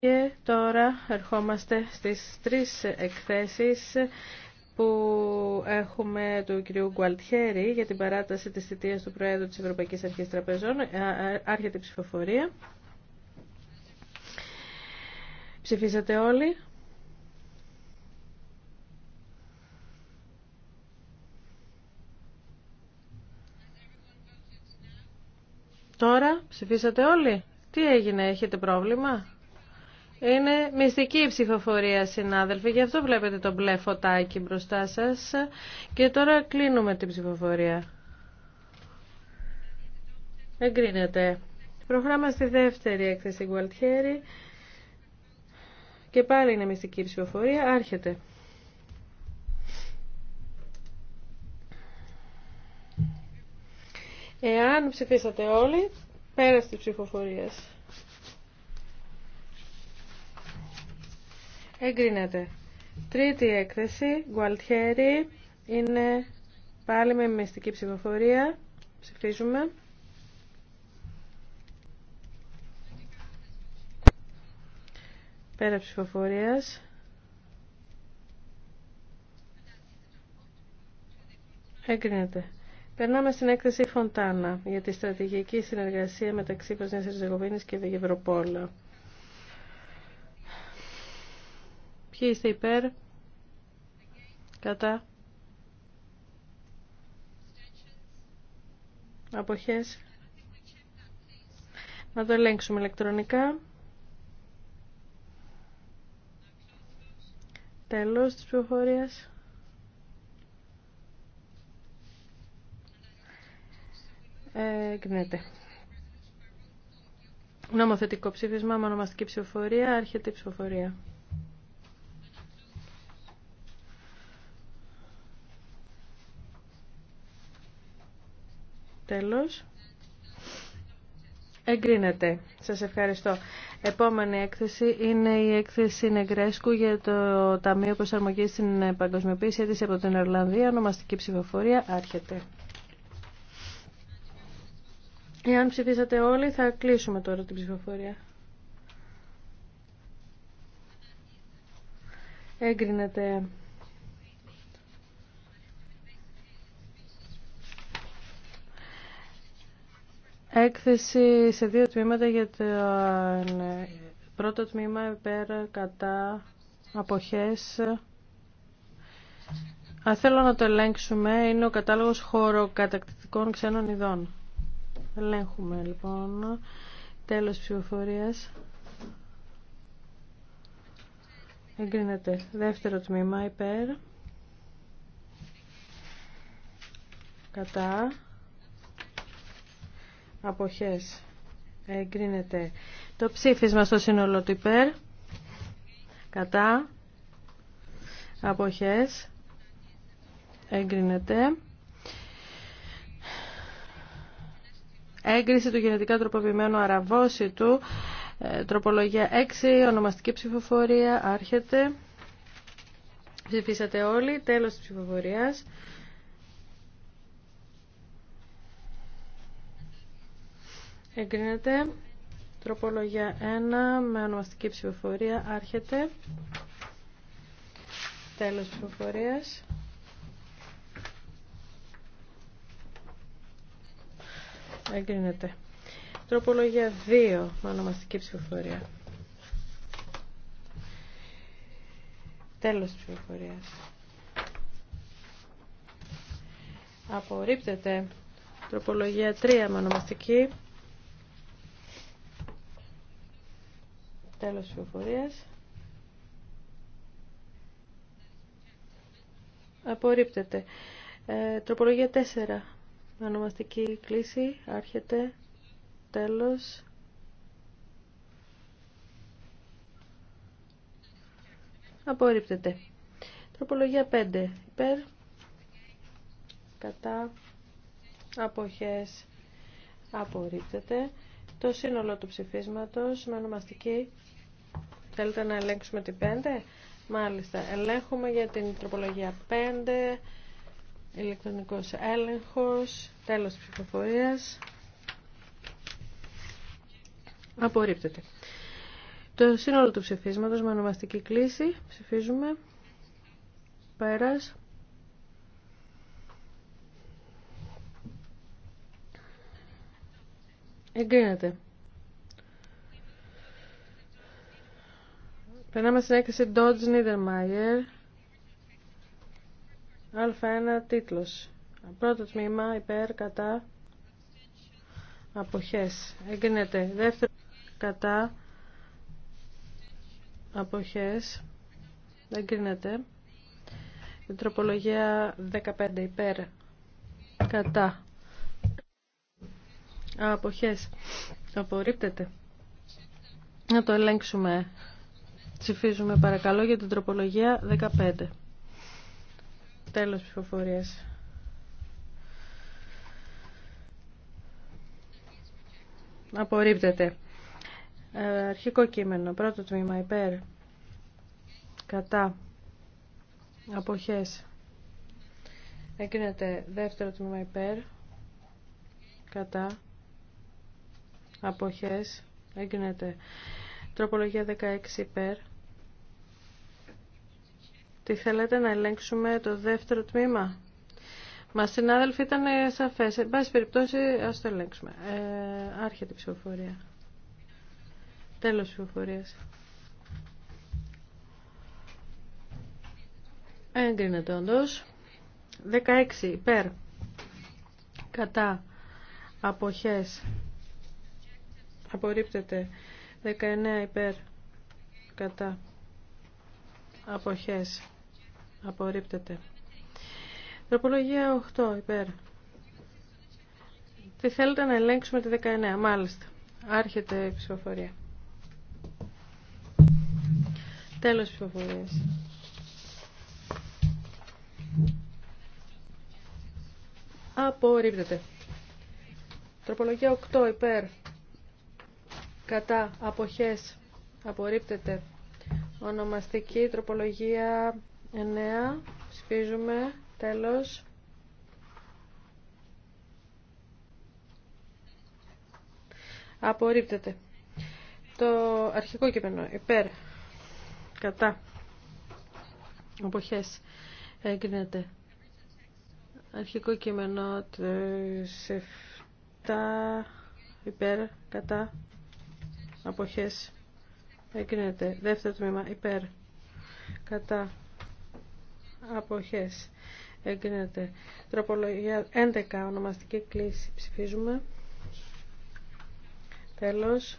Και τώρα ερχόμαστε στις τρεις εκθέσεις που έχουμε του κυρίου Γκουαλτιέρη για την παράταση της θητείας του Προέδρου της Ευρωπαϊκής Αρχής Τραπεζών. Ε, άρχεται η ψηφοφορία. Ψηφίσατε όλοι. Τώρα ψηφίσατε όλοι. Τι έγινε, έχετε πρόβλημα. Είναι μυστική η ψηφοφορία, συνάδελφοι. Γι' αυτό βλέπετε το μπλε φωτάκι μπροστά σας. Και τώρα κλείνουμε την ψηφοφορία. Εγκρίνεται. Προχωράμε στη δεύτερη έκθεση Γκουαλτιέρη. Και πάλι είναι μυστική ψηφοφορία. Άρχεται. Εάν ψηφίσατε όλοι, πέρα τη ψηφοφορία. Εγκρίνεται. Τρίτη έκθεση, Γκουαλτιέρη, είναι πάλι με μυστική ψηφοφορία. Ψηφίζουμε. Πέρα ψηφοφορίας. Εγκρίνεται. Περνάμε στην έκθεση Φοντάνα για τη στρατηγική συνεργασία μεταξύ Βοσνίας Ερζεγοβίνης και Ευρώπολα. Ποιοι είστε υπέρ. Κατά. Αποχές. Να το ελέγξουμε ηλεκτρονικά. Τέλος της ψηφοφορίας. Εγκρίνεται. Νομοθετικό ψήφισμα με ονομαστική ψηφοφορία. Άρχεται η ψηφοφορία. Τέλος. Εγκρίνεται. Σας ευχαριστώ. Επόμενη έκθεση είναι η έκθεση Νεγκρέσκου για το Ταμείο Προσαρμογή στην Παγκοσμιοποίηση της από την Ιρλανδία. Ονομαστική ψηφοφορία άρχεται. Εάν ψηφίσατε όλοι θα κλείσουμε τώρα την ψηφοφορία. Έγκρινεται. Έκθεση σε δύο τμήματα για το ε, πρώτο τμήμα υπέρ κατά αποχές. Αν θέλω να το ελέγξουμε, είναι ο κατάλογος χωροκατακτητικών ξένων ειδών. Ελέγχουμε λοιπόν. Τέλος ψηφοφορίας. Εγκρίνεται. Δεύτερο τμήμα υπέρ. Κατά αποχές εγκρίνεται το ψήφισμα στο σύνολο του κατά αποχές εγκρίνεται έγκριση του γενετικά τροποποιημένου του. Ε, τροπολογία 6 ονομαστική ψηφοφορία άρχεται ψηφίσατε όλοι τέλος της ψηφοφορίας Εγκρίνεται. Τροπολογία 1 με ονομαστική ψηφοφορία. Άρχεται. Τέλος ψηφοφορίας. Εγκρίνεται. Τροπολογία 2 με ονομαστική ψηφοφορία. Τέλος ψηφοφορίας. Απορρίπτεται. Τροπολογία 3 με ονομαστική Τέλος ψηφοφορίας. Απορρίπτεται. Ε, τροπολογία 4. Ονομαστική κλίση. Άρχεται. Τέλος. Απορρίπτεται. Τροπολογία 5. Υπέρ. Κατά. Αποχές. Απορρίπτεται. Το σύνολο του ψηφίσματος με ονομαστική Θέλετε να ελέγξουμε την 5. Μάλιστα. Ελέγχουμε για την τροπολογία 5. Ηλεκτρονικός έλεγχος. Τέλος της ψηφοφορίας. Απορρίπτεται. Το σύνολο του ψηφίσματος με ονομαστική κλίση. Ψηφίζουμε. Πέρας. Εγκρίνεται. Περνάμε στην έκθεση Dodge Niedermayer. Α1 τίτλο Πρώτο τμήμα υπέρ κατά αποχέ. Εγκρίνεται. Δεύτερο κατά αποχές. Εγκρίνεται. Η τροπολογία 15 υπέρ κατά αποχές. Απορρίπτεται. Να το ελέγξουμε Ψηφίζουμε παρακαλώ για την τροπολογία 15. Τέλος ψηφοφορίας. Απορρίπτεται. Ε, αρχικό κείμενο. Πρώτο τμήμα υπέρ. Κατά. Αποχές. Εγκρίνεται δεύτερο τμήμα υπέρ. Κατά. Αποχές. Εγκρίνεται Τροπολογία 16 υπέρ. Τι θέλετε να ελέγξουμε το δεύτερο τμήμα. Μα συνάδελφοι ήταν σαφέ. Εν πάση περιπτώσει, α το ελέγξουμε. Ε, άρχεται η ψηφοφορία. Τέλο ψηφοφορία. Έγκρινεται όντω. 16 υπέρ. Κατά. Αποχές. Απορρίπτεται. 19 υπέρ κατά αποχές απορρίπτεται τροπολογία 8 υπέρ τι θέλετε να ελέγξουμε τη 19 μάλιστα άρχεται η ψηφοφορία τέλος ψηφοφορίας απορρίπτεται τροπολογία 8 υπέρ κατά αποχές απορρίπτεται ονομαστική τροπολογία 9 Σφίζουμε. τέλος απορρίπτεται το αρχικό κείμενο υπέρ κατά αποχές έγκρινεται αρχικό κείμενο 7 υπέρ κατά αποχές εγκρίνεται δεύτερο τμήμα υπέρ κατά αποχές εγκρίνεται τροπολογία 11 ονομαστική κλίση ψηφίζουμε τέλος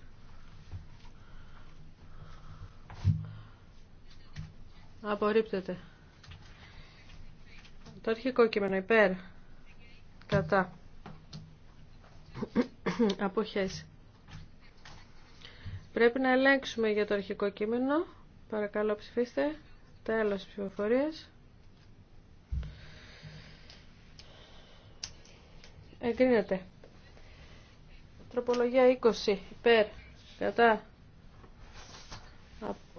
απορρίπτεται το αρχικό κείμενο υπέρ κατά αποχές Πρέπει να ελέγξουμε για το αρχικό κείμενο. Παρακαλώ ψηφίστε. Τέλος ψηφοφορίας. Εγκρίνεται. Τροπολογία 20. Υπέρ. Κατά.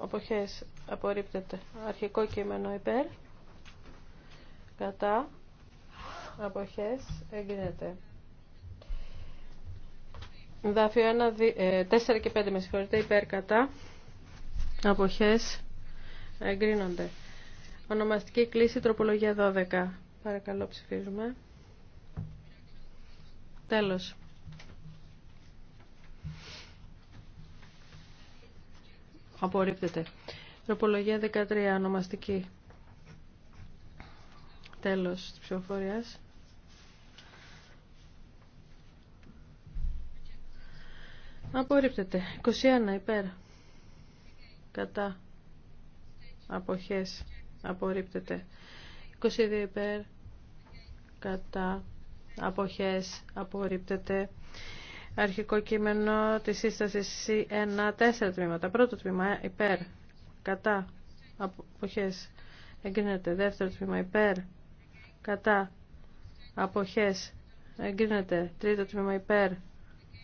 Αποχές. Απορρίπτεται. Αρχικό κείμενο υπέρ. Κατά. Αποχές. Εγκρίνεται. Δάφιο 4 ε, και 5 με συγχωρείτε, υπέρ κατά. Αποχές εγκρίνονται. Ονομαστική κλίση τροπολογία 12. Παρακαλώ ψηφίζουμε. Τέλος. Απορρίπτεται. Τροπολογία 13, ονομαστική. Τέλος της ψηφοφορίας. Απορρίπτεται. 21 υπέρ. Κατά. Αποχές. Απορρίπτεται. 22 υπέρ. Κατά. Αποχές. Απορρίπτεται. Αρχικό κείμενο της σύστασης C1. Τέσσερα τμήματα. Πρώτο τμήμα ε, υπέρ. Κατά. Αποχές. Εγκρίνεται. Δεύτερο τμήμα υπέρ. Κατά. Αποχές. Εγκρίνεται. Τρίτο τμήμα υπέρ.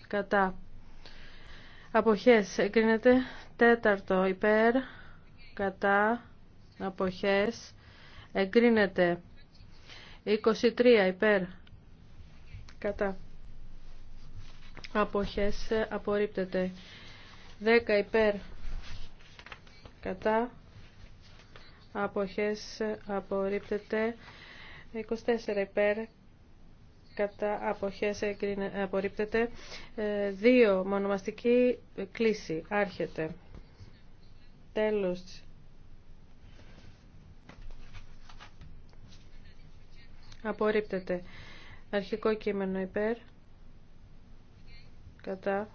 Κατά Αποχές εγκρίνεται. Τέταρτο υπέρ. Κατά. Αποχές εγκρίνεται. 23 υπέρ. Κατά. Αποχές απορρίπτεται. 10 υπέρ. Κατά. Αποχές απορρίπτεται. 24 υπέρ κατά αποχές απορρίπτεται. Ε, δύο, μονομαστική κλίση, άρχεται. Τέλος. Απορρίπτεται. Αρχικό κείμενο υπέρ. Κατά.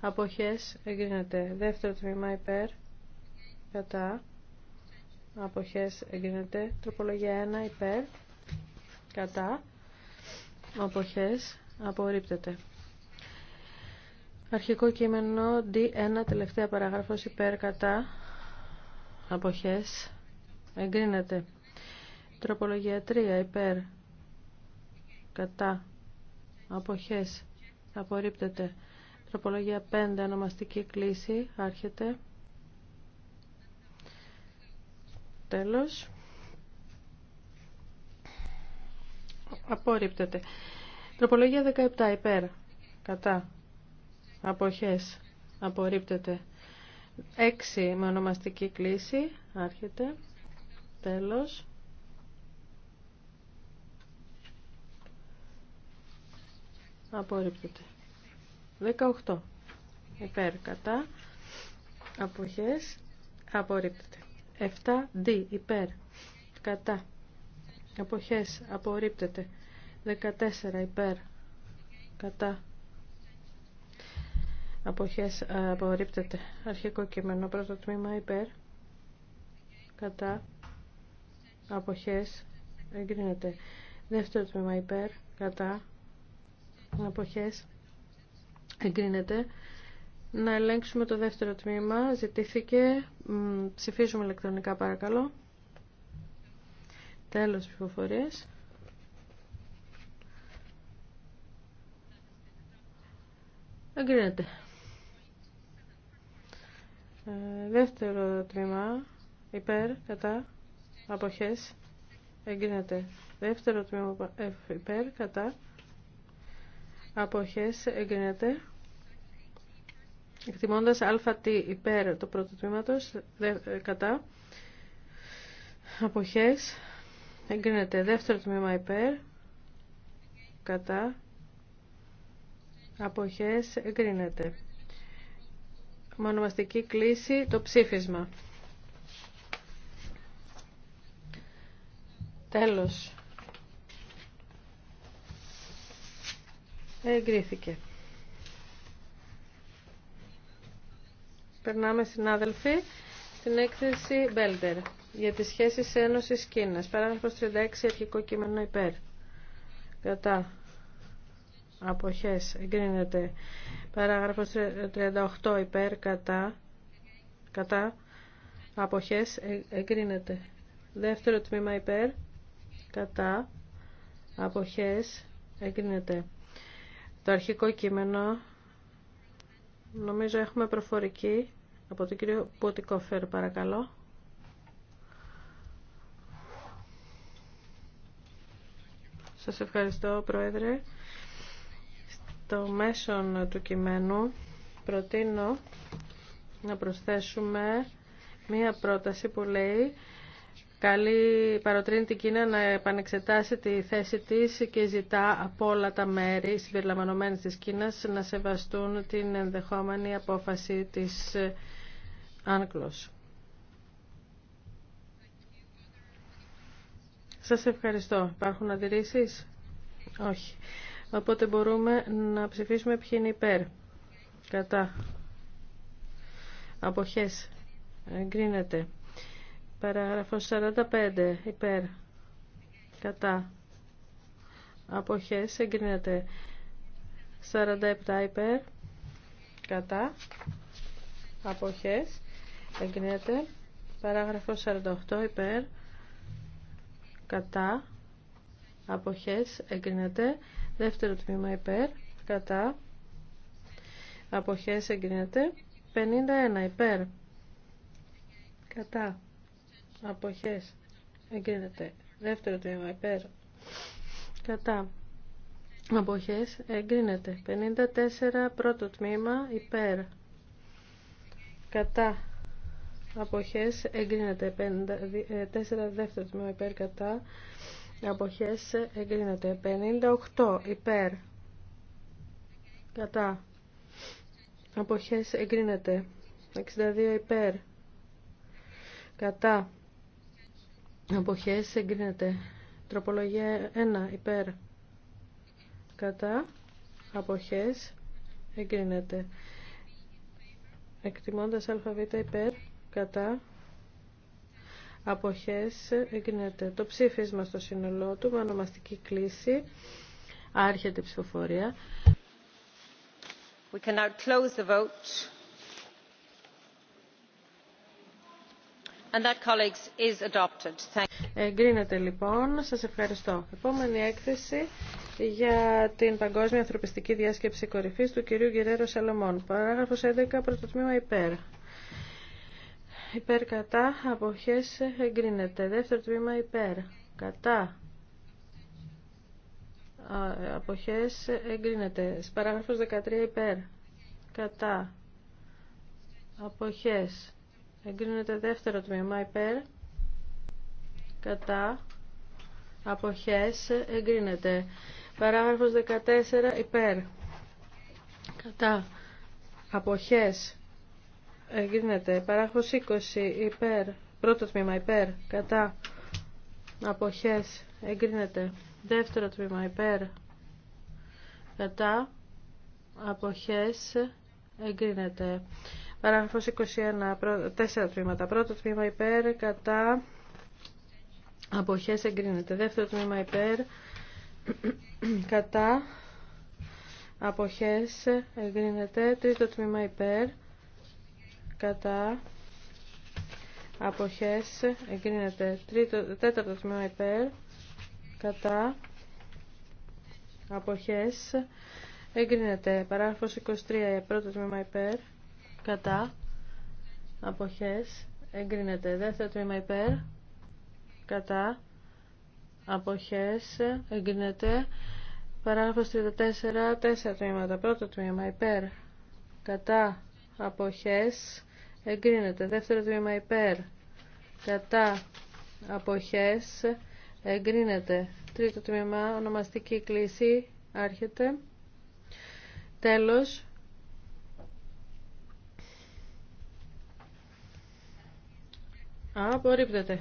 Αποχές εγκρίνεται. Δεύτερο τμήμα υπέρ. Κατά. Αποχές εγκρίνεται. Τροπολογία 1 υπέρ. Κατά αποχές απορρίπτεται. Αρχικό κείμενο D1 τελευταία παραγράφος υπέρ κατά αποχές εγκρίνεται. Τροπολογία 3 υπέρ κατά αποχές απορρίπτεται. Τροπολογία 5 ονομαστική κλίση άρχεται. Τέλος. απορρίπτεται. Τροπολογία 17 υπέρ, κατά, αποχές, απορρίπτεται. 6 με ονομαστική κλίση, άρχεται, τέλος. Απορρίπτεται. 18 υπέρ, κατά, αποχές, απορρίπτεται. 7 Δ. υπέρ, κατά, Αποχές. Απορρίπτεται. 14 υπέρ. Κατά. Αποχές. Απορρίπτεται. Αρχικό κείμενο. Πρώτο τμήμα υπέρ. Κατά. Αποχές. Εγκρίνεται. Δεύτερο τμήμα υπέρ. Κατά. Αποχές. Εγκρίνεται. Να ελέγξουμε το δεύτερο τμήμα. Ζητήθηκε. Ψηφίζουμε ηλεκτρονικά παρακαλώ. Τέλος ψηφοφορίας. Εγκρίνεται. Ε, δεύτερο τμήμα, υπέρ, κατά, αποχές, εγκρίνεται. Δεύτερο τμήμα, υπέρ, κατά, αποχές, εγκρίνεται. Εκτιμώντας Αλφα τι, υπέρ, το πρώτο τμήματος, δε, ε, κατά, αποχές, Εγκρίνεται. Δεύτερο τμήμα υπέρ. Κατά. Αποχές. Εγκρίνεται. Μονομαστική κλίση. Το ψήφισμα. Τέλος. Εγκρίθηκε. Περνάμε στην άδελφη στην έκθεση Μπέλτερ για τις σχέσεις Ένωσης Κίνας. Παράγραφος 36, αρχικό κείμενο υπέρ. Κατά. Αποχές. Εγκρίνεται. Παράγραφος 38, υπέρ. Κατά. Κατά. Αποχές. Ε, εγκρίνεται. Δεύτερο τμήμα υπέρ. Κατά. Αποχές. Εγκρίνεται. Το αρχικό κείμενο. Νομίζω έχουμε προφορική από τον κύριο κοφερ; παρακαλώ. Σας ευχαριστώ, Πρόεδρε. Στο μέσο του κειμένου προτείνω να προσθέσουμε μία πρόταση που λέει Καλή παροτρύνει την Κίνα να επανεξετάσει τη θέση της και ζητά από όλα τα μέρη συμπεριλαμβανομένης της Κίνας να σεβαστούν την ενδεχόμενη απόφαση της Άνκλος. Σας ευχαριστώ. Υπάρχουν αντιρρήσεις? Όχι. Οπότε μπορούμε να ψηφίσουμε ποιοι είναι υπέρ. Κατά. Αποχές. Εγκρίνεται. Παράγραφος 45. Υπέρ. Κατά. Αποχές. Εγκρίνεται. 47 υπέρ. Κατά. Αποχές εγκρίνεται. Παράγραφος 48 υπέρ κατά αποχές εγκρίνεται. Δεύτερο τμήμα υπέρ κατά αποχές εγκρίνεται. 51 υπέρ κατά αποχές εγκρίνεται. Δεύτερο τμήμα υπέρ κατά αποχές εγκρίνεται. 54 πρώτο τμήμα υπέρ κατά αποχές εγκρίνεται 4 ε, δεύτερο τμήμα υπέρ κατά αποχές εγκρίνεται 58 υπέρ κατά αποχές εγκρίνεται 62 υπέρ κατά αποχές εγκρίνεται τροπολογία 1 υπέρ κατά αποχές εγκρίνεται εκτιμώντας αβ υπέρ κατά αποχές εγκρίνεται το ψήφισμα στο σύνολό του με ονομαστική κλίση άρχεται η ψηφοφορία We can now close the vote. And that, colleagues, is adopted. Thank you. Εγκρίνεται λοιπόν. Σας ευχαριστώ. Επόμενη έκθεση για την Παγκόσμια Ανθρωπιστική Διάσκεψη Κορυφής του κυρίου Γερέρο Σαλωμών. Παράγραφος 11, Πρωτοτμήμα υπέρ υπέρ κατά αποχές εγκρίνεται. Δεύτερο τμήμα υπέρ κατά αποχές εγκρίνεται. Παράγραφος 13 υπέρ κατά αποχές εγκρίνεται. Δεύτερο τμήμα υπέρ κατά αποχές εγκρίνεται. Παράγραφος 14 υπέρ κατά αποχές Εγκρίνεται. Παράγραφος 20. Υπέρ. Πρώτο τμήμα. Υπέρ. Κατά. Αποχές. Εγκρίνεται. Δεύτερο τμήμα. Υπέρ. Κατά. Αποχές. Εγκρίνεται. Παράγραφος 21. Τέσσερα τμήματα. Πρώτο τμήμα. Υπέρ. Κατά. Αποχές. Εγκρίνεται. Δεύτερο τμήμα. Υπέρ. Κατά. Αποχές εγκρίνεται. Τρίτο τμήμα υπέρ κατά αποχές εγκρίνεται τρίτο, τέταρτο τμήμα υπέρ κατά αποχές εγκρίνεται παράγραφος 23 πρώτο τμήμα υπέρ κατά αποχές εγκρίνεται δεύτερο τμήμα υπέρ κατά αποχές εγκρίνεται παράγραφος 34 τέσσερα τμήματα πρώτο τμήμα υπέρ κατά αποχές εγκρίνεται. Δεύτερο τμήμα υπέρ, κατά, αποχές, εγκρίνεται. Τρίτο τμήμα, ονομαστική κλίση, άρχεται. Τέλος. Απορρίπτεται.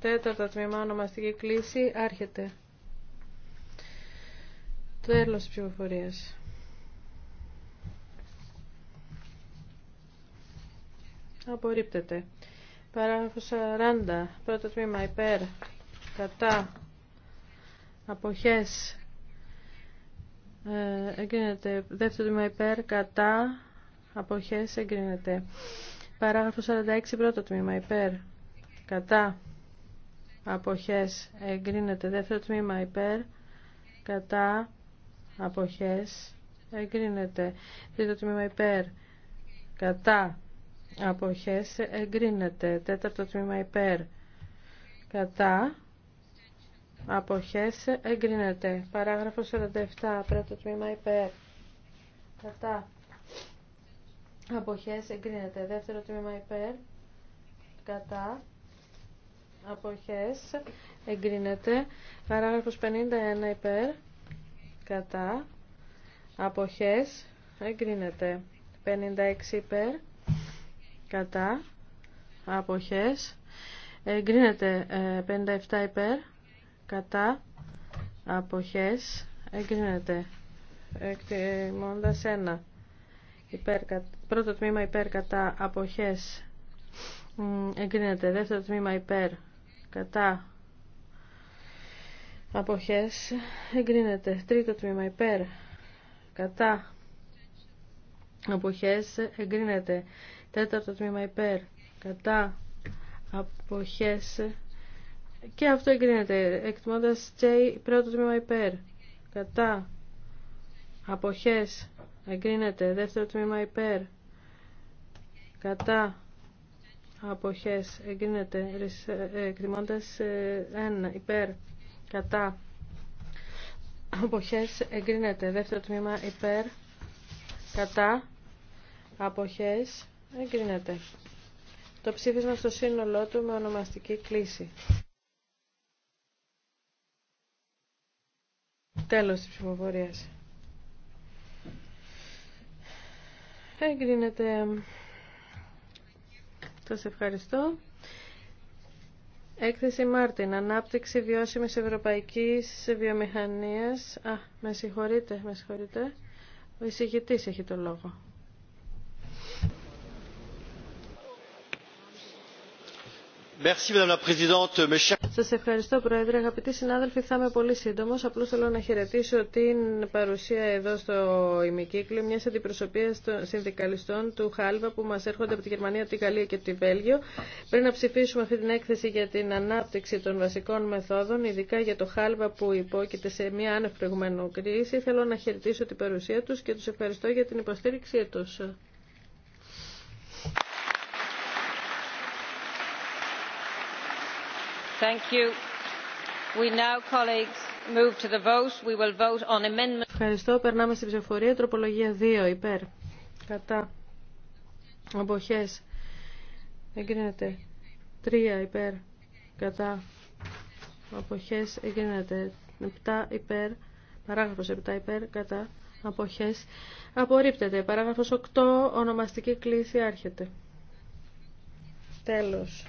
Τέταρτο τμήμα, ονομαστική κλίση, άρχεται. Τέλος της απορρίπτεται. Παράγραφος 40, πρώτο τμήμα υπέρ, κατά, αποχές, ε, εγκρίνεται. Δεύτερο τμήμα υπέρ, κατά, αποχές, εγκρίνεται. Παράγραφο 46, πρώτο τμήμα υπέρ, κατά, αποχές, εγκρίνεται. Δεύτερο τμήμα υπέρ, κατά, αποχές, εγκρίνεται. Τρίτο τμήμα υπέρ, κατά, αποχές εγκρίνεται. Τέταρτο τμήμα υπέρ κατά αποχές εγκρίνεται. Παράγραφος 47. Πρώτο τμήμα υπέρ κατά αποχές εγκρίνεται. Δεύτερο τμήμα υπέρ κατά αποχές εγκρίνεται. Παράγραφος 51 υπέρ κατά αποχές εγκρίνεται. 56 υπέρ κατά αποχές εγκρίνεται 57 ε, υπέρ κατά αποχές εγκρίνεται εκτιμώντας 1 υπέρ, πρώτο τμήμα υπέρ κατά αποχές εγκρίνεται δεύτερο τμήμα υπέρ κατά αποχές εγκρίνεται τρίτο τμήμα υπέρ κατά αποχές εγκρίνεται Τέταρτο τμήμα υπέρ. Κατά. Αποχές. Και αυτό εγκρίνεται. Εκτιμώντας J. Πρώτο τμήμα υπέρ. Κατά. Αποχές. Εγκρίνεται. Δεύτερο τμήμα υπέρ. Κατά. Αποχές. Εγκρίνεται. Ε, εκτιμώντας 1. Ε, υπέρ. Κατά. Αποχές εγκρίνεται. Δεύτερο τμήμα υπέρ, κατά, αποχές Εγκρίνεται. Το ψήφισμα στο σύνολό του με ονομαστική κλίση. Τέλος της ψηφοφορίας. Εγκρίνεται. Σας ευχαριστώ. Έκθεση Μάρτιν. Ανάπτυξη βιώσιμης ευρωπαϊκής βιομηχανίας. Α, με συγχωρείτε, με συγχωρείτε. Ο εισηγητής έχει το λόγο. Σας ευχαριστώ Πρόεδρε. Αγαπητοί συνάδελφοι, θα είμαι πολύ σύντομος. Απλώς θέλω να χαιρετήσω την παρουσία εδώ στο ημικύκλιο μιας αντιπροσωπείας των συνδικαλιστών του Χάλβα που μας έρχονται από τη Γερμανία, τη Γαλλία και τη Βέλγιο. Πριν να ψηφίσουμε αυτή την έκθεση για την ανάπτυξη των βασικών μεθόδων, ειδικά για το Χάλβα που υπόκειται σε μια άνευ προηγουμένου κρίση, θέλω να χαιρετήσω την παρουσία τους και τους ευχαριστώ για την υποστήριξή τους. Ευχαριστώ. Περνάμε στην ψηφοφορία. Τροπολογία 2. Υπέρ. Κατά. Αποχές. Εγκρίνεται. 3. Υπέρ. Κατά. Αποχές. Εγκρίνεται. 7. Υπέρ. Παράγραφος 7. Υπέρ. Κατά. Αποχές. Απορρίπτεται. Παράγραφος 8. Ονομαστική κλίση άρχεται. Τέλος.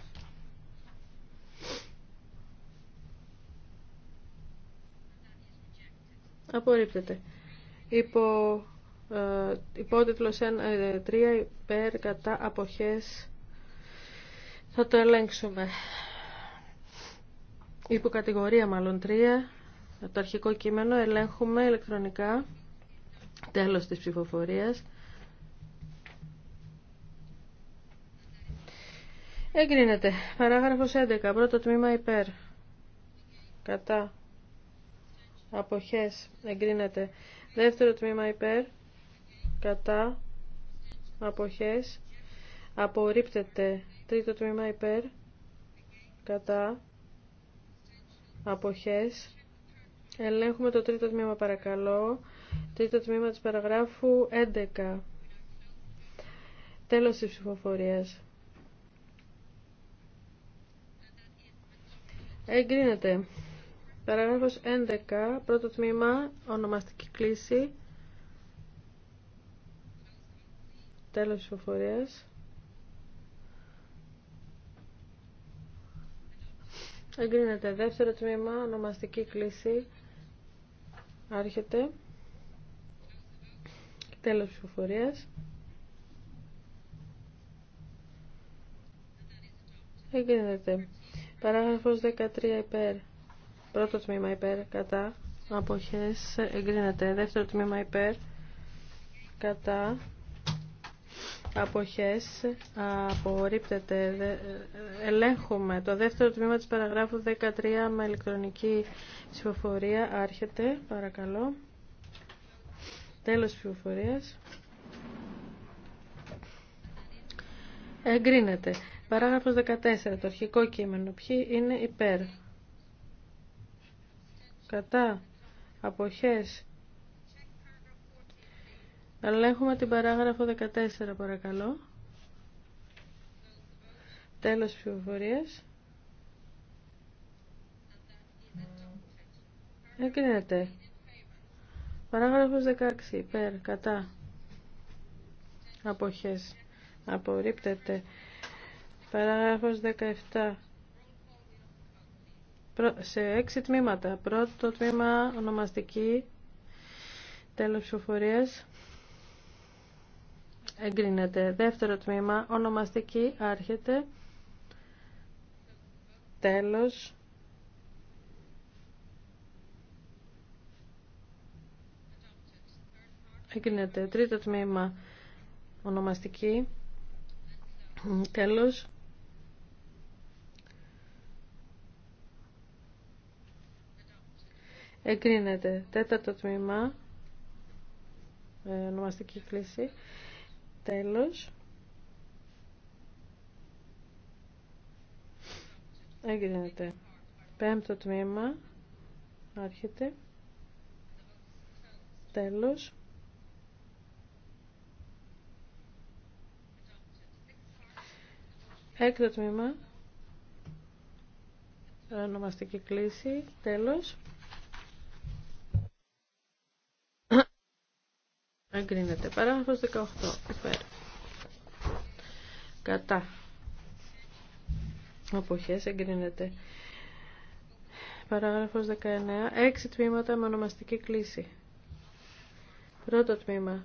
Απορρίπτεται. Υπό ε, υπότιτλος 3 ε, υπέρ κατά αποχές θα το ελέγξουμε. Υποκατηγορία μάλλον 3, το αρχικό κείμενο, ελέγχουμε ηλεκτρονικά, τέλος της ψηφοφορίας. Εγκρίνεται. Παράγραφος 11. Πρώτο τμήμα υπέρ. Κατά αποχές εγκρίνεται δεύτερο τμήμα υπέρ κατά αποχές απορρίπτεται τρίτο τμήμα υπέρ κατά αποχές ελέγχουμε το τρίτο τμήμα παρακαλώ τρίτο τμήμα της παραγράφου 11 τέλος της ψηφοφορίας εγκρίνεται Παράγραφος 11, πρώτο τμήμα, ονομαστική κλίση. Τέλος ψηφοφορίας. Εγκρίνεται. Δεύτερο τμήμα, ονομαστική κλίση. Άρχεται. Τέλος ψηφοφορίας. Εγκρίνεται. Παράγραφος 13 υπέρ. Πρώτο τμήμα υπέρ, κατά, αποχές, εγκρίνεται. Δεύτερο τμήμα υπέρ, κατά, αποχές, απορρίπτεται. Ε, ελέγχουμε το δεύτερο τμήμα της παραγράφου 13 με ηλεκτρονική ψηφοφορία. Άρχεται, παρακαλώ. Τέλος ψηφοφορίας. Εγκρίνεται. Παράγραφος 14. Το αρχικό κείμενο. Ποιοι είναι υπέρ κατά, αποχές. Ελέγχουμε την παράγραφο 14 παρακαλώ. Τέλος ψηφοφορίας. Εγκρίνεται. Παράγραφος 16. Υπέρ, κατά. Αποχές. Απορρίπτεται. Παράγραφος 17 σε έξι τμήματα. Πρώτο τμήμα ονομαστική τέλος ψηφοφορίας. Εγκρίνεται. Δεύτερο τμήμα ονομαστική άρχεται. Τέλος. Εγκρίνεται. Τρίτο τμήμα ονομαστική. Τέλος. εγκρίνεται. Τέταρτο τμήμα, ε, ονομαστική κλίση, τέλος. Εγκρίνεται. Πέμπτο τμήμα, άρχεται, τέλος. Έκτο τμήμα, ονομαστική κλίση, τέλος. Εγκρίνεται. Παράγραφος 18. Υπέρ. Κατά. Αποχές. Εγκρίνεται. Παράγραφος 19. Έξι τμήματα με ονομαστική κλίση. Πρώτο τμήμα.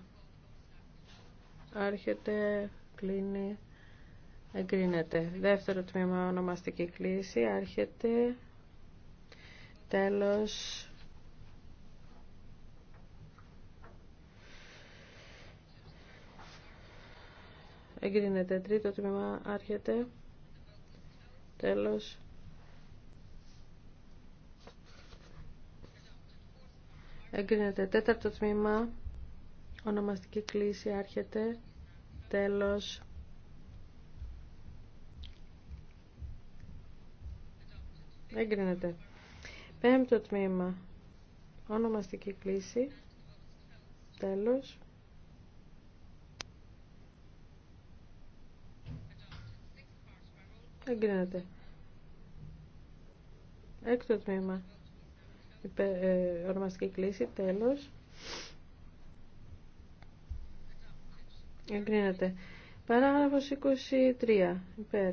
Άρχεται, κλείνει, εγκρίνεται. Δεύτερο τμήμα ονομαστική κλίση. Άρχεται, τέλος, εγκρίνεται. Τρίτο τμήμα άρχεται. Τέλος. Εγκρίνεται. Τέταρτο τμήμα ονομαστική κλίση άρχεται. Τέλος. Εγκρίνεται. Πέμπτο τμήμα ονομαστική κλίση. Τέλος. Εγκρίνεται. Έκτο τμήμα. Ε, ονομαστική κλίση. Τέλος. Εγκρίνεται. Παράγραφος 23. Υπέρ.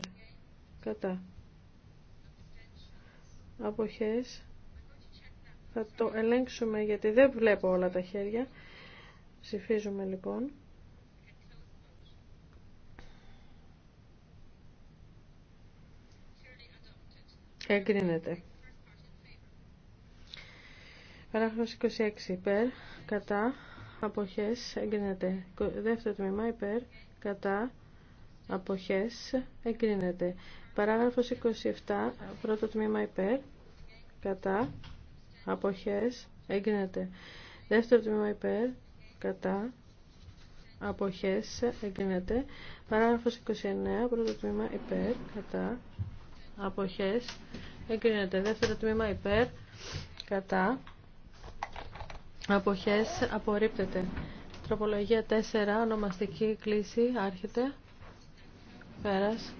Κατά. Αποχές. Θα το ελέγξουμε γιατί δεν βλέπω όλα τα χέρια. Ψηφίζουμε λοιπόν. εγκρίνεται. Παράγραφος 26 υπέρ, κατά, αποχές, εγκρίνεται. Δεύτερο τμήμα υπέρ, κατά, αποχές, εγκρίνεται. Παράγραφος 27, πρώτο τμήμα υπέρ, κατά, αποχές, εγκρίνεται. Δεύτερο τμήμα υπέρ, κατά, αποχές, εγκρίνεται. Παράγραφος 29, πρώτο τμήμα υπέρ, κατά, αποχές εγκρίνεται δεύτερο τμήμα υπέρ κατά αποχές απορρίπτεται τροπολογία 4 ονομαστική κλίση άρχεται πέρας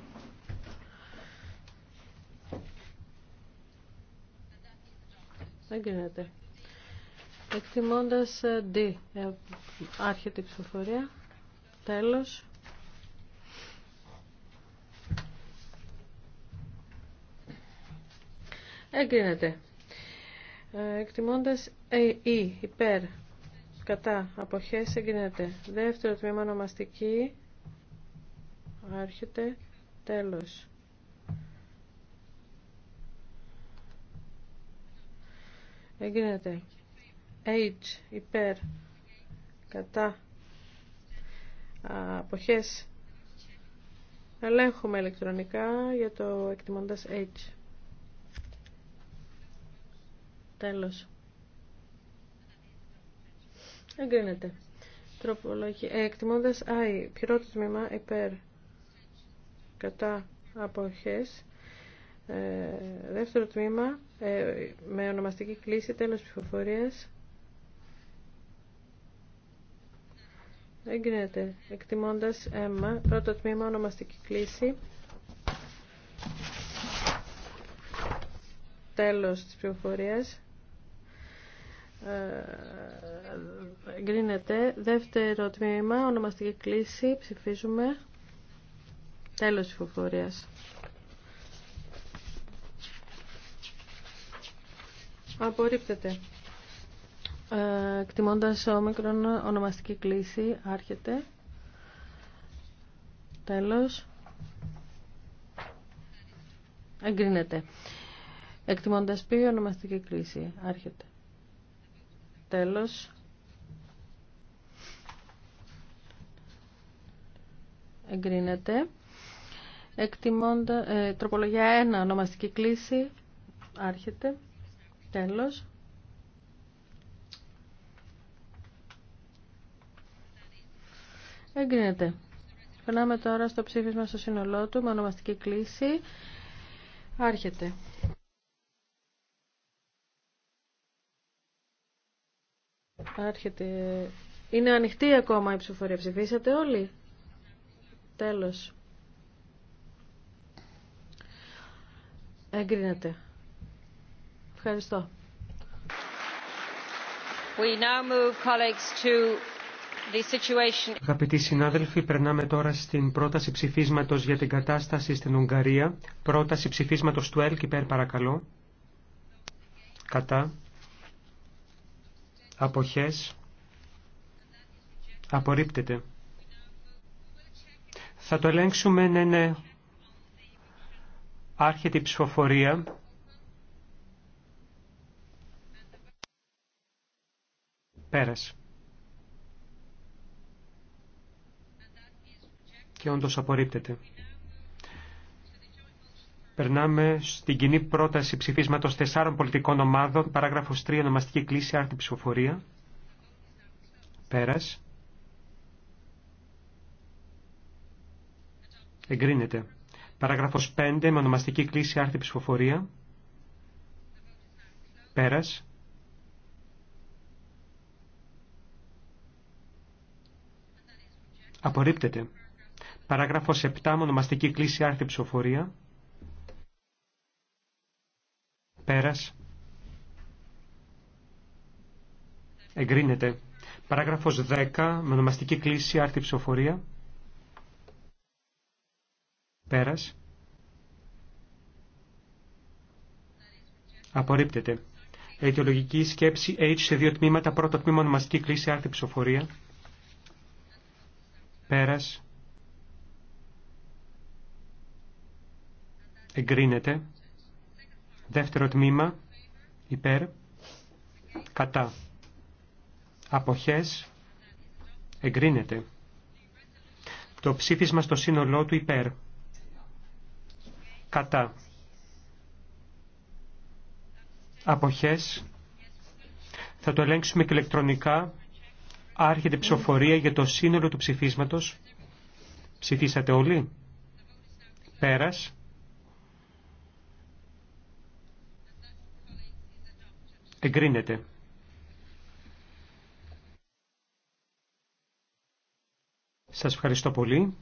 εγκρίνεται εκτιμώντας D ε, ε, άρχεται η ψηφοφορία τέλος εγκρίνεται. Ε, εκτιμώντας ε, η υπέρ, κατά, αποχές, εγκρίνεται. Δεύτερο τμήμα ονομαστική, άρχεται, τέλος. Εγκρίνεται. H, υπέρ, κατά, αποχές. Ελέγχουμε ηλεκτρονικά για το εκτιμώντας H. Τέλος. Εγκρίνεται. Τροπολογία. Ε, εκτιμώντας I, πρώτο τμήμα υπέρ κατά αποχές. Ε, δεύτερο τμήμα ε, με ονομαστική κλίση τέλος ψηφοφορίας. Εγκρίνεται. Εκτιμώντας M, πρώτο τμήμα ονομαστική κλίση. Τέλος της πληροφορίας. Ε, εγκρίνεται. Δεύτερο τμήμα, ονομαστική κλίση, ψηφίζουμε. Τέλος της φοφορίας. Απορρίπτεται. Ε, εκτιμώντας όμικρον ονομαστική κλίση, άρχεται. Τέλος. Εγκρίνεται. Εκτιμώντας ποιο, ονομαστική κλίση, άρχεται. Τέλος. Εγκρίνεται. Εκτιμώντα, ε, τροπολογία 1, ονομαστική κλίση. Άρχεται. Τέλος. Εγκρίνεται. Περνάμε τώρα στο ψήφισμα στο σύνολό του με ονομαστική κλίση. Άρχεται. Άρχεται. Είναι ανοιχτή ακόμα η ψηφοφορία. Ψηφίσατε όλοι. Τέλος. Εγκρίνεται. Ευχαριστώ. We now move, colleagues, to the situation... Αγαπητοί συνάδελφοι, περνάμε τώρα στην πρόταση ψηφίσματος για την κατάσταση στην Ουγγαρία. Πρόταση ψηφίσματος του ΕΛΚΙΠΕΡ, παρακαλώ. Κατά αποχές απορρίπτεται. Θα το ελέγξουμε, να είναι άρχιτη ψηφοφορία. Πέρας. Και όντως απορρίπτεται. Περνάμε στην κοινή πρόταση ψηφίσματο τεσσάρων πολιτικών ομάδων, παράγραφος 3, ονομαστική κλίση, άρτη ψηφοφορία. Πέρας. Εγκρίνεται. Παράγραφος 5, με ονομαστική κλίση, άρτη ψηφοφορία. Πέρας. Απορρίπτεται. Παράγραφος 7, με ονομαστική κλίση, άρτη ψηφοφορία. Πέρας. Εγκρίνεται. Παράγραφος 10. Μονομαστική κλίση άρτη ψηφοφορία. Πέρας. Απορρίπτεται. Αιτιολογική σκέψη H σε δύο τμήματα. Πρώτο τμήμα Μονομαστική κλίση άρτη ψηφοφορία. Πέρας. Εγκρίνεται. Δεύτερο τμήμα, υπέρ, κατά. Αποχές, εγκρίνεται. Το ψήφισμα στο σύνολό του υπέρ, κατά. Αποχές, θα το ελέγξουμε και ηλεκτρονικά. Άρχεται ψηφοφορία για το σύνολο του ψηφίσματος. Ψηφίσατε όλοι. Πέρας. εγκρίνεται. Σας ευχαριστώ πολύ.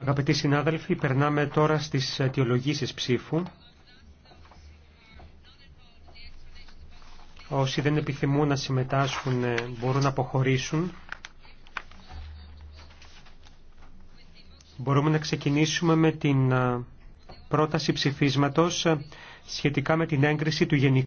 Αγαπητοί συνάδελφοι, περνάμε τώρα στις αιτιολογήσεις ψήφου. Όσοι δεν επιθυμούν να συμμετάσχουν ε, μπορούν να αποχωρήσουν. Μπορούμε να ξεκινήσουμε με την ε, πρόταση ψηφίσματος ε, σχετικά με την έγκριση του Γενικού